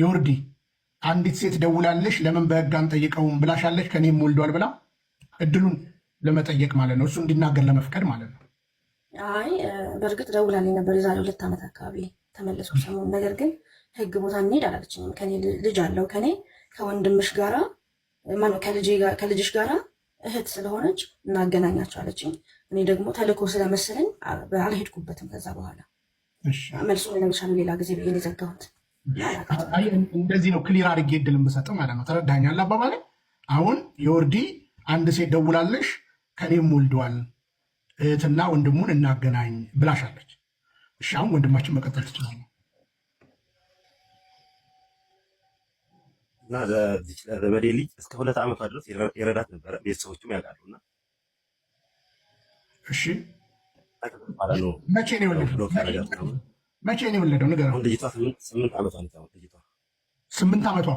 የወርዲ አንዲት ሴት ደውላለሽ ለምን በህግ አንጠይቀውም ብላሻለች ከኔም ወልዷል ብላ እድሉን ለመጠየቅ ማለት ነው፣ እሱ እንዲናገር ለመፍቀድ ማለት ነው። አይ በእርግጥ ደውላልኝ ነበር የዛሬ ሁለት ዓመት አካባቢ ተመለስኩ ሰሞኑን። ነገር ግን ህግ ቦታ እንሄድ አላለችኝም። ከኔ ልጅ አለው ከኔ ከወንድምሽ ጋራ ከልጅሽ ጋራ እህት ስለሆነች እናገናኛቸው አለችኝ። እኔ ደግሞ ተልእኮ ስለመሰለኝ አልሄድኩበትም። ከዛ በኋላ መልሱን ለመቻሉ ሌላ ጊዜ ብዬ የዘጋሁት እንደዚህ ነው ክሊር አድርጌ እድል የምሰጥ ማለት ነው። ተረዳኛል አባባል። አሁን የወርዲ አንድ ሴት ደውላለሽ ከኔም ወልደዋል እህትና ወንድሙን እናገናኝ ብላሻለች። እሺ አሁን ወንድማችን መቀጠል ትችላለ። እና ዘመዴ ልጅ እስከ ሁለት ዓመቷ ድረስ የረዳት ነበረ። ቤተሰቦቹም ያውቃሉ። እና እሺ መቼ ነው መቼ ነው የወለደው? ነገር አሁን ልጅቷ ስምንት ዓመቷ ልጅቷ ስምንት ዓመቷ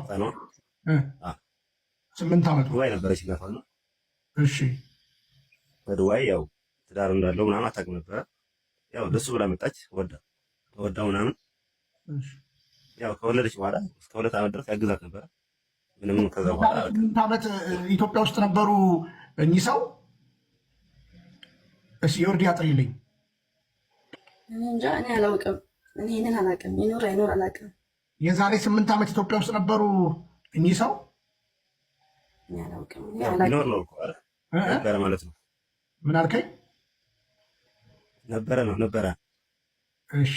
ስምንት ዓመቷ ዱባይ ነበረች እናቷ ነው። እሺ በዱባይ ያው ትዳር እንዳለው ምናምን አታውቅም ነበረ። ያው ለሱ ብላ መጣች። ወዳ ወዳ ምናምን ያው ከወለደች በኋላ እስከ ሁለት ዓመት ድረስ ያግዛት ነበረ። ምንም ከዛ በኋላ ስምንት ዓመት ኢትዮጵያ ውስጥ ነበሩ እኚህ ሰው። እስኪ የወርድ ያጥሪልኝ እንጃ እኔ አላውቅም። ይህንን አላውቅም። ይኖር አይኖር አላውቅም። የዛሬ ስምንት ዓመት ኢትዮጵያ ውስጥ ነበሩ እኚህ ሰው ነበረ ማለት ነው። ምን አልከኝ? ነበረ ነው ነበረ። እሺ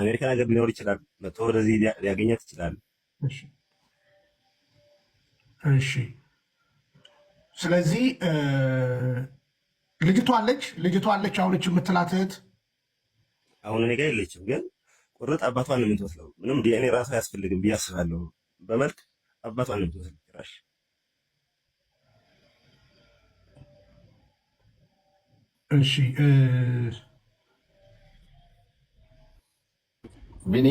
አሜሪካን ሀገር ሊኖር ይችላል። መጥቶ ወደዚህ ሊያገኛት ይችላል። እሺ ስለዚህ ልጅቷ አለች ልጅቷ አለች አሁነች የምትላት እህት አሁን እኔ ጋር የለችም፣ ግን ቁርጥ አባቷን ነው የምትመስለው። ምንም ዲኤንኤ ራሱ አያስፈልግም ብዬ አስባለሁ። በመልክ አባቷን ነው የምትመስለው ጭራሽ እሺ ቢኒ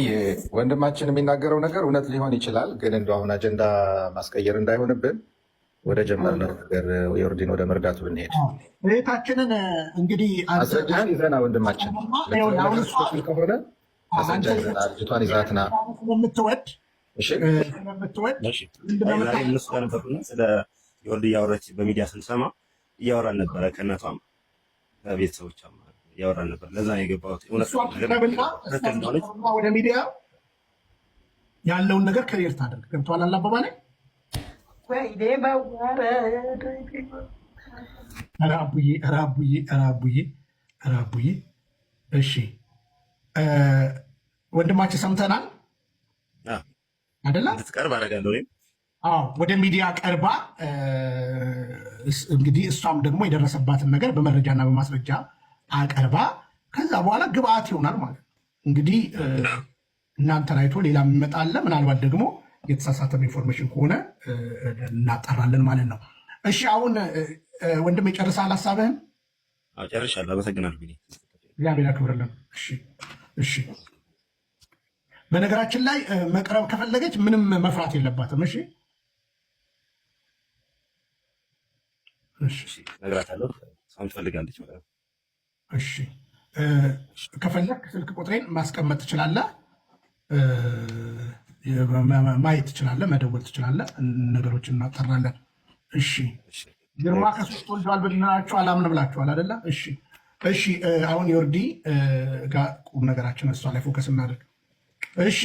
ወንድማችን የሚናገረው ነገር እውነት ሊሆን ይችላል፣ ግን እንደው አሁን አጀንዳ ማስቀየር እንዳይሆንብን ወደ ጀመርነው ነገር የኦርዲን ወደ መርዳቱ ብንሄድ እህታችንን እንግዲህ አስረጅተን ይዘና ወንድማችን ከሆነ አስረጃ ይዘና ልጅቷን ይዛትና ስለምትወድ ስለ የወልድ እያወራች በሚዲያ ስንሰማ እያወራን ነበረ። ከእናቷም ከቤተሰቦቿ እያወራን ነበር። ለዛ ነው ወደ ሚዲያ ያለውን ነገር ከሌር ታደርግ ገብተዋል አላባባ ላይ ኧረ አቡዬ ኧረ ራቡዬ እሺ ወንድማችን ሰምተናል አይደለ? ትቀርብ ወደ ሚዲያ ቀርባ እንግዲህ እሷም ደግሞ የደረሰባትን ነገር በመረጃና በማስረጃ አቀርባ ከዛ በኋላ ግብአት ይሆናል ማለት ነው። እንግዲህ እናንተ ራይቶ ሌላ የሚመጣለ አለ። ምናልባት ደግሞ የተሳሳተም ኢንፎርሜሽን ከሆነ እናጠራለን ማለት ነው። እሺ አሁን ወንድም የጨርሰሃል ሀሳብህን? ጨርሻለሁ። አመሰግናል። እግዚአብሔር ያክብርልን። እሺ በነገራችን ላይ መቅረብ ከፈለገች ምንም መፍራት የለባትም። እሺ እሺ ከፈለግ ስልክ ቁጥሬን ማስቀመጥ ትችላለህ። ማየት ትችላለህ፣ መደወል ትችላለህ። ነገሮችን እናጠራለን። እሺ ግርማ ከሶስት ወልደዋል ብናቸው አላምን ብላችኋል አደለ? እሺ እሺ። አሁን ዮርዲ ጋር ቁም ነገራችን እሷ ላይ ፎከስ እናደርግ። እሺ